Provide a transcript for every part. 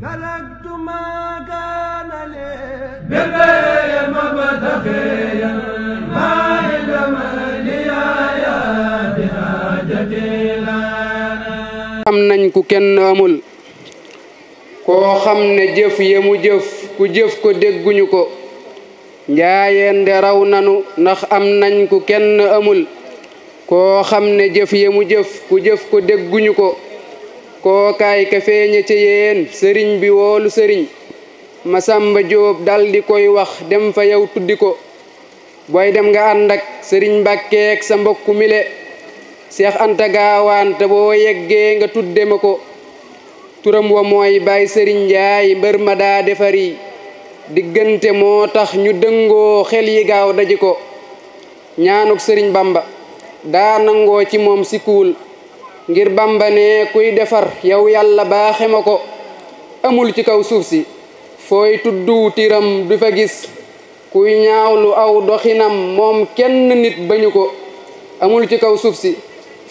تركت ما كان لي بغير مبتغيا ما علم لي يا بحاجتي لنا am nañ ku kenn amul koo xam ne jëf ye mu jëf ku jëf ko dégguñu ko njaayeen de raw nanu ndax am nañ ku kenn amul koo xam ne jëf ye mu jëf ku jëf ko dégguñu ko kookaay ka feeña ca sëriñ bi woolu sëriñ ma masamba jóob daldi koy wax dem fa yow tuddi ko booy dem nga ànd ak sëriñ mbàkkeek sa mbokku mile seex anta gaawaan te boo yeggee nga tudde ma ko turam wa mooy baay sëriñ njaay mbër ma daa defari diggante moo tax ñu dëngoo xel yi gaaw daji ko ñaanuk sëriñ bamba daa nangoo ci moom sikkuwul ngir Bàmba kuy defar yow yàlla baaxe ma ko amul ci kaw suuf si fooy tuddu tiram fa gis kuy ñaawlu aw doxinam moom kenn nit bañu ko amul ci kaw suuf si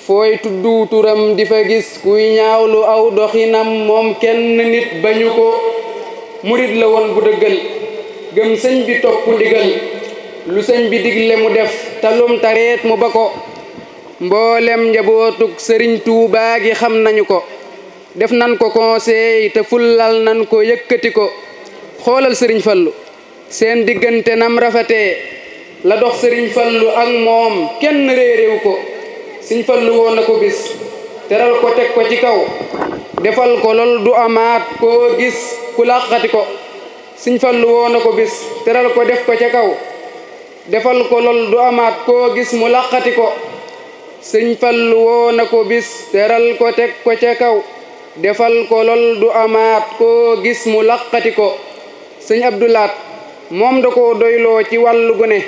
fooy tuddu turam gis kuy ñaawlu aw doxinam ko murit la woon bu dëggal gëm sëñ bi topp ndigal lu sëñ bi digle mu def talum tareet mu ba ko mboolem njabootug sëriñ Tuubaa gi xam nañu ko def nan ko conseil te fullal nan ko yëkkati ko xoolal sëriñ fallu seen diggante nam rafetee la dox sëriñ fallu ak moom kenn réeréew ko sëriñ fallu woon ko bis teral ko teg ko ci kaw defal ko lool du amaat ko gis ku làqati ko sëriñ fallu woon ko bis teral ko def ko ca kaw defal ko lool du amaat koo gis mu làqati ko sëñ Fallu woo ko bis teral ko teg ko ca kaw defal ko lool du amaat ko gis mu laqati ko sëñ Abdulaat moom da ko doyloo ci wàllu gune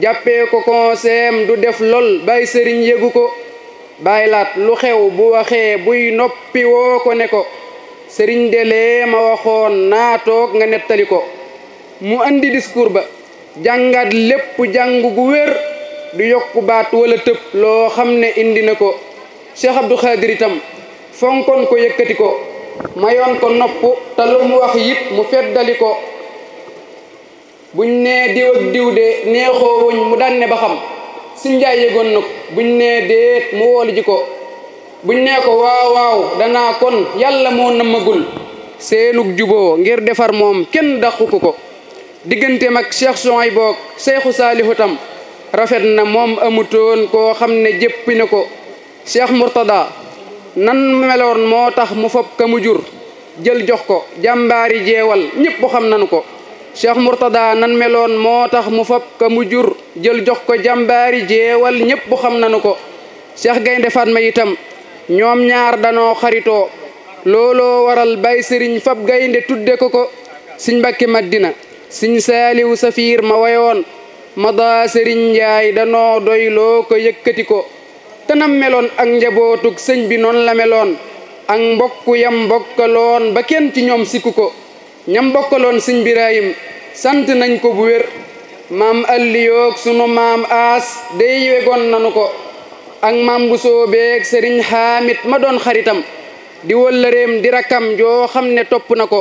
jàppee ko konseem du def lool bay sëriñ yëgu ko baylaat lu xew bu waxee buy noppi woo ko ne ko sëriñ delee ma waxoon naa toog nga nettali ko mu andi discours ba jàngat lépp jàng gu wér du yokk baat wala tëb loo xam ne indi na ko Cheikh Abdou Khadir itam ko yëkkati ko mayoon ko nopp te lu mu wax it mu feddali ko buñ nee diw ak diw neexoo wuñ mu daan ne ba xam si njaay yëgoon na ko buñ nee déet mu woolu ko buñ nee ko waaw waaw danaa kon yàlla moo namagul seenug juboo ngir defar moom kenn daxu ko ko digganteem ak Cheikh Souhaïbou boog Cheikhu Saalihu tam rafet na moom amutoon koo xam ne jëppi na ko Cheikh Mourtada nan meloon moo tax mu fob ka mu jur jël jox ko jàmbaari jeewal ñëpp xam nanu ko Cheikh Mourtada nan meloon moo tax mu fob ka mu jur jël jox ko jàmbaari jeewal ñëpp xam nanu ko Cheikh Gaynde Fatma itam ñoom ñaar danoo xaritoo looloo waral bay sëriñ fab gaynde tudde ko ko siñ mbakki Madina siñ saaliwu safiir ma wayoon mada sëriñ njaay danoo doyloo ko yëkkati ko tanam meloon ak njabootug sëñ bi noonu la meloon ak mbokku yam mbokkaloon ba kenn ci ñoom sikku ko ñam mbokkaloon sëñ birahim sant nañ ko bu wér maam alliyoog sunu maam aas day wegoon nanu ko ak maam bu soobeeg sëriñ xaamit ma doon xaritam di wëllëreem di rakam joo xam ne topp na ko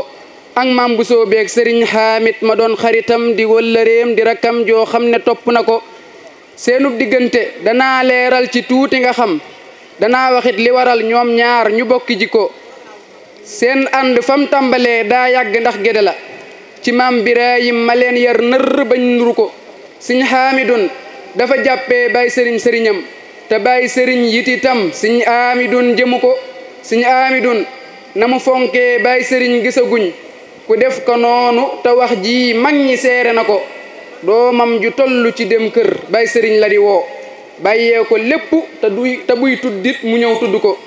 ak maam bu soo beeg sëriñ xaamit ma doon xaritam di wëllëreem di rakkam joo xam ne topp na ko seenub diggante danaa leeral ci tuuti nga xam danaa waxit li waral ñoom ñaar ñu bokki ko seen ànd fam tàmbalee daa yàgg ndax géde la ci maam Birayim ma leen yar nër bañ nuru ko siñ xaamidun dafa jàppee bay sëriñ sëriñam te bay sëriñ yititam siñ aamidun jëmu ko siñ aamidun na mu fonkee bay sëriñ gisaguñ ku def ko noonu te wax ji mag ñi seere na ko doomam ju toll ci dem kër bay sëriñ la di woo bàyyee ko lépp te duy buy tuddit mu ñëw tudd ko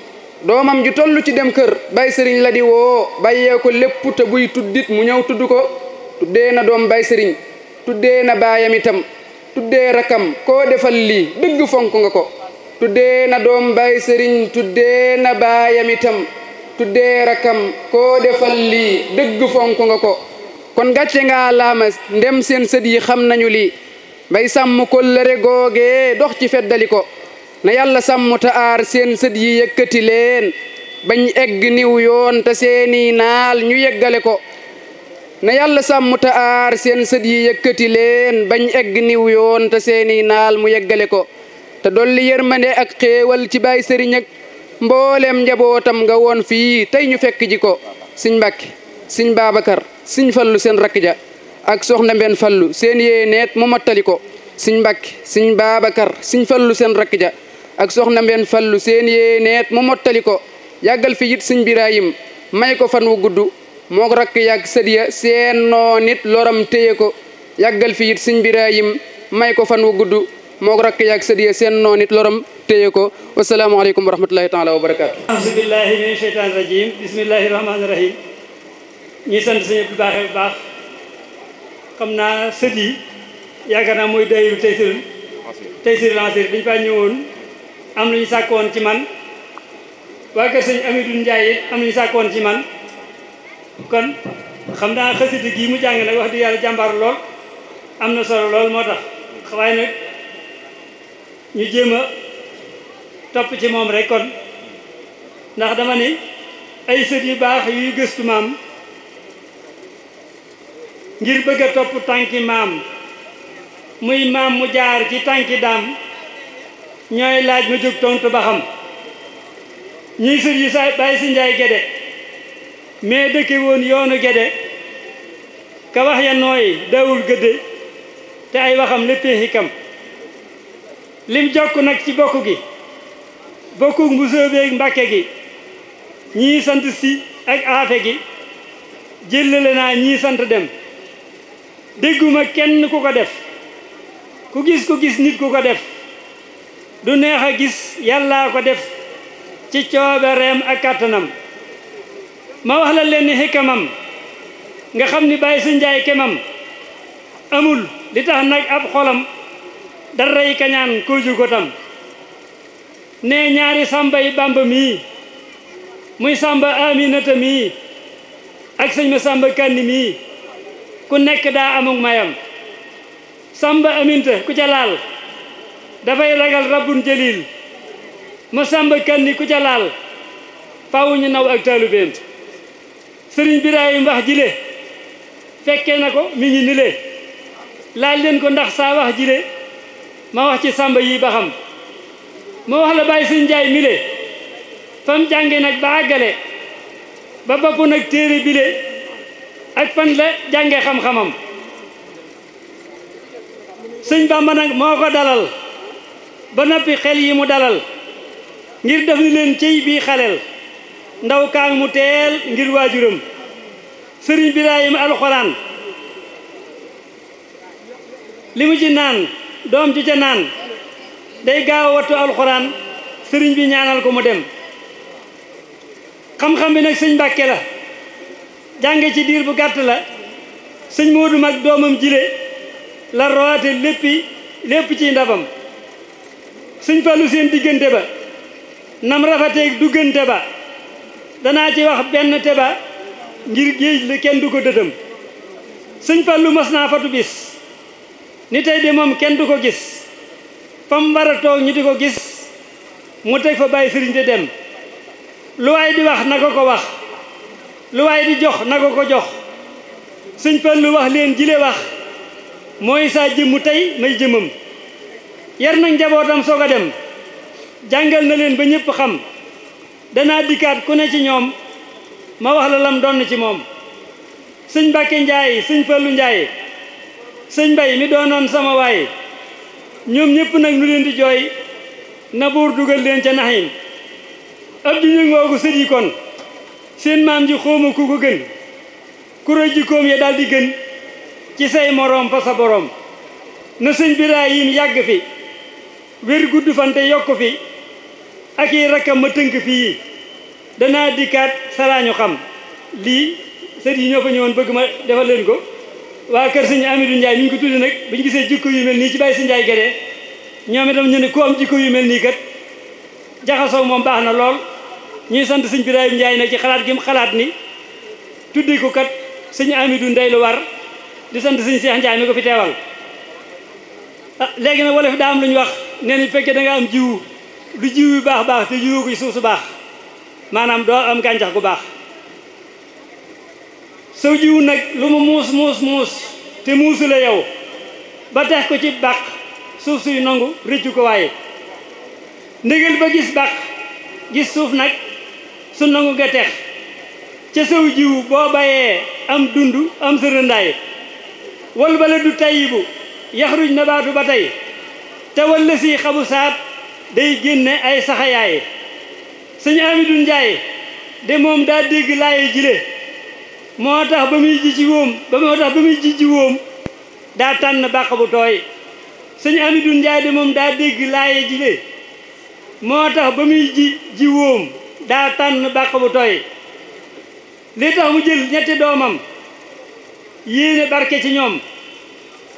doomam ju toll ci dem kër bay sëriñ la di woo bàyyee ko lépp te buy tuddit mu ñëw tudd ko tuddee na doom bay sëriñ tuddee na baayam itam tuddee rakam koo defal lii dëgg fonk nga ko tuddee na doom bay sëriñ tuddee na baayam itam tuddee rakam koo defal lii dëgg fonk nga ko kon gàcce nga laama ndem seen sët yi xam nañu li bay sàmm kóllëre googe dox ci feddali ko na yàlla sàmm ta aar seen sët yi yëkkati leen bañ egg niw yoon te seeni naal ñu yeggale ko na yàlla sàmm ta aar seen sët yi yëkkati leen bañ egg niw yoon te seeni naal mu yeggale ko te dolli yërmande ak xéewal ci baay sëriñ ak mboolem njabootam nga woon fii tey ñu fekk ji ko sëñ Mbàkke sëñ Babacar sëñ Fallu seen rakk ja ak soxna Mbeen Fallu seen yéeneet mu mottali ko sëñ Mbàkke sëñ Babacar sëñ Fallu seen rakk ja ak soxna Mbeen Fallu seen yéeneet mu mottali ko yàggal fi it sëñ Birahim may ko fan wu gudd moo ko rakk yàgg sëdiya seen noo nit loram téye ko yàggal fi it sëñ Birahim may ko fan wu gudd moo ko rakk yàgg sëdiya seen noonit nit téye ko wasalaamaaleykum wa rahmatulahi taala wa barakaatu ahousubillahi min sheytan rajim bismillahi rahmaani rahim ñuy sant suñu bu baaxee bu baax xam naa sët yaakaar naa mooy dayiru Taysiir Taysiir Lansir dañu faa ñëwoon am na ñu sàkkoon ci man waa kër sëñ Amidou Ndiaye it am lu ñu sàkkoon ci man kon xam naa xasida gi mu jàng nag wax di yàlla jàmbaar lool am na solo lool moo tax waaye nag ñu jéem topp ci moom rek kon ndax dama ni ay sët yu baax yuy gëstu maam ngir bëgg a topp tànki maam muy maam mu jaar ci tànki daam ñooy laaj mu jóg tontu ba xam ñuy sët yu sa bàyyi si njaay gede mais dëkke woon yoonu gede ka wax ya nooy dawul gëdde te ay waxam léppee xikam lim jokk nag ci bokk gi bokkuk mbusoo mbakke gi ñii sant si ak aafe gi jëllale naa ñii sant dem dégguma kenn ku ko def ku gis ku gis nit ku ko def du neex a gis yàllaa ko def ci coobareem ak kàttanam ma wax la leen ni nga xam ni bàyyi sa njaay kemam amul li tax nag ab xolam daray kañaan kooju ko tam ne ñaari sàmba yi bamba mii muy sàmba aminata mii ak sëñ ma sàmba kanni mii ku nekk daa amuk mayam sàmba aminta ku ca laal dafay ragal rabbun jëlil ma sàmba kanni ku ca laal faaw naw ak taalubeem sëriñ Birahim wax jile fekkee na ko mi ngi ni le laaj leen ko ndax saa wax jile ma wax ci sàmba yi ba moo wax la bàyyi suñ mile fa mu jànge nag ba àggale ba bopp nag téere bile ak fan la jànge xam-xamam sëñ Bàmba nag moo ko dalal ba noppi xel yi mu dalal ngir def ni leen cëy bii xaleel ndaw kaang mu teel ngir waajuram sëriñ Birahima alxuraan li ci naan doom ci ca naan day gaaw wattu alxuraan sëriñ bi ñaanal ko mu dem xam-xam bi nag sëñ Mbàkke la jànge ci diir bu gàtt la sëñ Moodu mag doomam jile la rowaate léppi lépp ci ndabam sëñ Fallu seen diggante ba nam rafateeg duggante ba danaa ci wax benn te ba ngir géej la kenn du ko dëdëm sëñ Fallu mas naa fatu bis ni tey de moom kenn du ko gis fa mu war ñu di ko gis mu teg fa bàyyi sëriñ di dem lu waay di wax na ko ko wax lu waay di jox na ko ko jox suñ Fallu wax leen jile wax mooy saa jëmmu tey may jëmam yar na njabootam soog a dem jàngal na leen ba ñëpp xam danaa dikkaat ku ne ci ñoom ma wax la lam doon ci moom sëñ Mbàkke Njaay sëñ Fallu Njaay sëñ Mbay mi doonoon sama waaye ñoom ñëpp nag ñu leen di jooy nabuur dugal leen ca naxiim ab di ñu ngoogu sët yi kon seen maam ji xóoma ku ko gën kuro jikkoom yi daal di gën ci say moroom fa sa boroom na sëñ Birahim yàgg fi wér gudd fante yokk fi ak i rakkam ma tënk fii danaa dikkaat saraañu xam lii sët yi ñoo fa ñëwoon bëgg ma defal leen ko waa kër sëñ Amidou Ndiaye ni ñu ko tudde nag ba ñu gisee jikko yu mel nii ci bàyyi si Ndiaye Guédé ñoom itam ñu ne ku am jikko yu mel nii kat jaxasoo moom baax na lool ñuy sant sëñ Birahim Ndiaye nag ci xalaat gi xalaat ni tudde ko kat sëñ du Ndey lu war di sant sëñ Cheikh Ndiaye mi ko fi teewal ah, léegi nag wala fi daa am lu ñu wax nee nañ fekkee da am jiw lu jiw yu baax baax te jiwu ko ci suuf su baax maanaam doo am gàncax gu baax soo jiwu nag lu mu muus muus muus te muusu yow ba tax ko ci bàq suuf suy nangu rëccu ko waaye ndégal ba gis bàq gis suuf nag su nangu nga ca sëw jiwu boo bayee am dund am sa rëndaay wal bala du tayibu na nabaatu ba tey te la si xabu saat day génne ay saxayaay sëñ Amidou Njaay de moom daa dégg laaye jile moo tax ba muy ji ci wóom ci wóom daa tànn bàq bu tooy sëñ Amidou Ndiaye de moom daa dégg laaye ji de moo tax ba muy ji ji wóom daa tànn bàq bu tooy li tax mu jël ñetti doomam yéene barke ci ñoom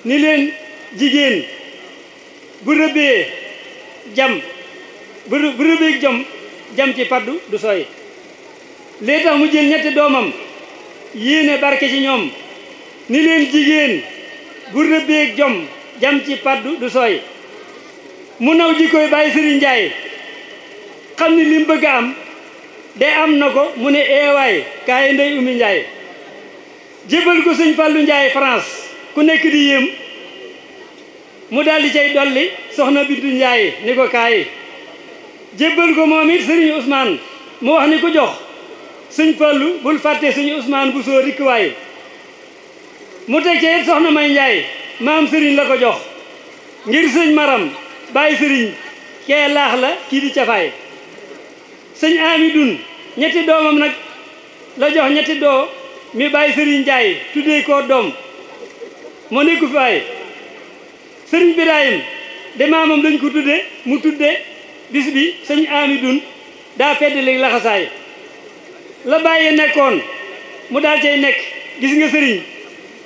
ni leen jigéen bu rëbbee jam bu rëbbee jam jam ci paddu du sooy li tax mu jël ñetti doomam yéene barke ci ñoom ni leen jigéen bu rëbbeeg jom jam ci paddu du sooy mu naw jikkoy bàyyi sëriñ Njaay xam ni li bëgg am de am na ko mu ne eewaay eh kaay ndey umi Njaay jébbal ko sëñ Fàllu Njaay France ku nekk di yéem mu daldi cay dolli soxna Bintu Njaay ni ko kaay jébbal ko moom it sëriñ Ousmane mu wax ni ko jox sëñ Fallu bul fàtte sëñ Ousmane bu soo dikk waaye mu teg ca it soxna May Njaay maam sëriñ la ko jox ngir sëñ Maram bàyyi sëriñ kee laax la kii di cafaay sëñ Ami Dun ñetti doomam nag la jox ñetti doo mi bàyyi sëriñ Njaay tuddee koo doom moo nekku fi waaye sëriñ Birahim de maamam dañ ko tudde mu tudde bis bi sëñ Ami Dun daa fedd léegi laxasaay la bàyyi nekkoon mu daal cay nekk gis nga sëriñ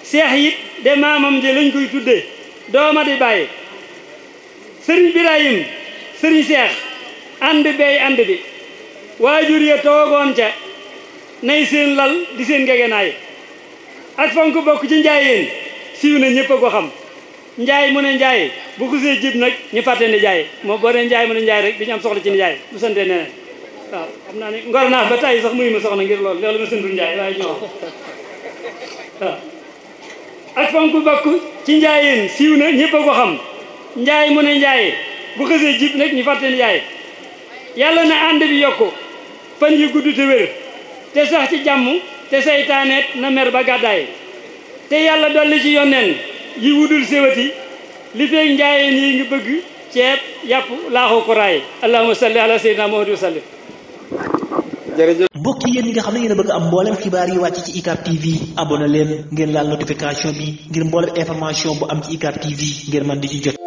seex it de maamam de lañ koy tudde dooma di bàyyi sëriñ Birahim sëriñ seex ànd bey ànd bi waajur ya toogoon ca nay seen lal di seen ngegenaay ak fan ko bokk ci njaayeen siiw na ñëpp a xam njaay mu ne njaay bu ko see jib nag ñu fàtte ne njaay moo boo ne njaay mu ne njaay rek du ñu soxla ci njaay bu sante neneen waaw xam naa ne ngor naa ba tàyyi sax muy ma soxna ngir loolu loolu ma sëndul njaay waaye ñoo waaw ak fonk bokk ci njaayeen siiw na ñëpp a ko xam njaay mu ne njaay bu xësee jib nag ñu fàtte njaay yàlla na ànd bi yokku fan yi gudd te wér te sax ci jàmm te saytaaneet na mer ba gàddaay te yàlla dolli ci yonneen yi wudul séwati li feeg njaayeen yi ngi bëgg ceeb yàpp laaxu ko raay allahumma salli ala sayyidina muhammad wa sallim jërëjëf mbokk yéen ñi nga xam ne yéen a bëgg am mboolem xibaar yi wàcc ci ICAP TV abonné leen ngeen laal notification bi ngir mboolem information bu am ci ICAP TV ngeen mën di ci jot